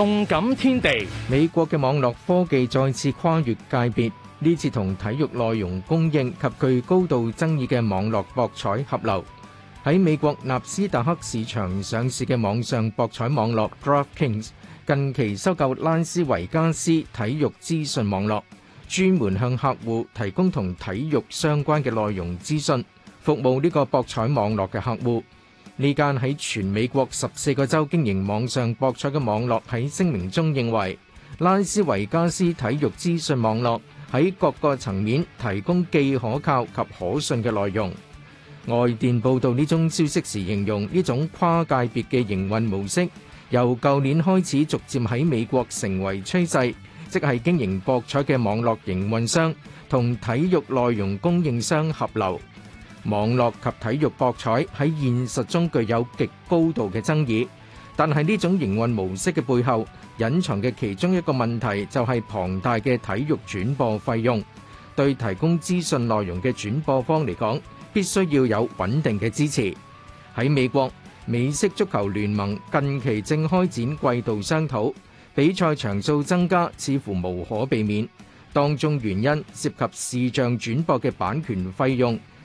動感天地，美國嘅網絡科技再次跨越界別，呢次同體育內容供應及具高度爭議嘅網絡博彩合流。喺美國納斯達克市場上市嘅網上博彩網絡 DraftKings 近期收購拉斯維加斯體育資訊網絡，專門向客戶提供同體育相關嘅內容資訊，服務呢個博彩網絡嘅客戶。呢間喺全美國十四個州經營網上博彩嘅網絡喺聲明中認為，拉斯維加斯體育資訊網絡喺各個層面提供既可靠及可信嘅內容。外電報道呢宗消息時形容呢種跨界別嘅營運模式，由舊年開始，逐漸喺美國成為趨勢，即係經營博彩嘅網絡營運商同體育內容供應商合流。網絡及體育博彩喺現實中具有極高度嘅爭議，但係呢種營運模式嘅背後隱藏嘅其中一個問題就係龐大嘅體育轉播費用。對提供資訊內容嘅轉播方嚟講，必須要有穩定嘅支持。喺美國，美式足球聯盟近期正開展季度商討，比賽場數增加似乎無可避免。當中原因涉及視像轉播嘅版權費用。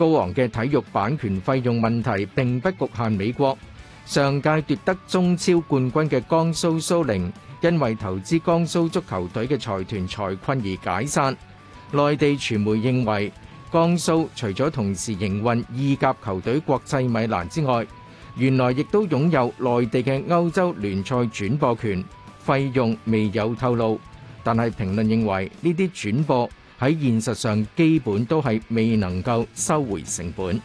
高昂嘅體育版權費用問題並不局限美國。上屆奪得中超冠軍嘅江蘇蘇寧，因為投資江蘇足球隊嘅財團財困而解散。內地傳媒認為，江蘇除咗同時營運意甲球隊國際米蘭之外，原來亦都擁有內地嘅歐洲聯賽轉播權，費用未有透露。但係評論認為呢啲轉播喺現實上，基本都係未能夠收回成本。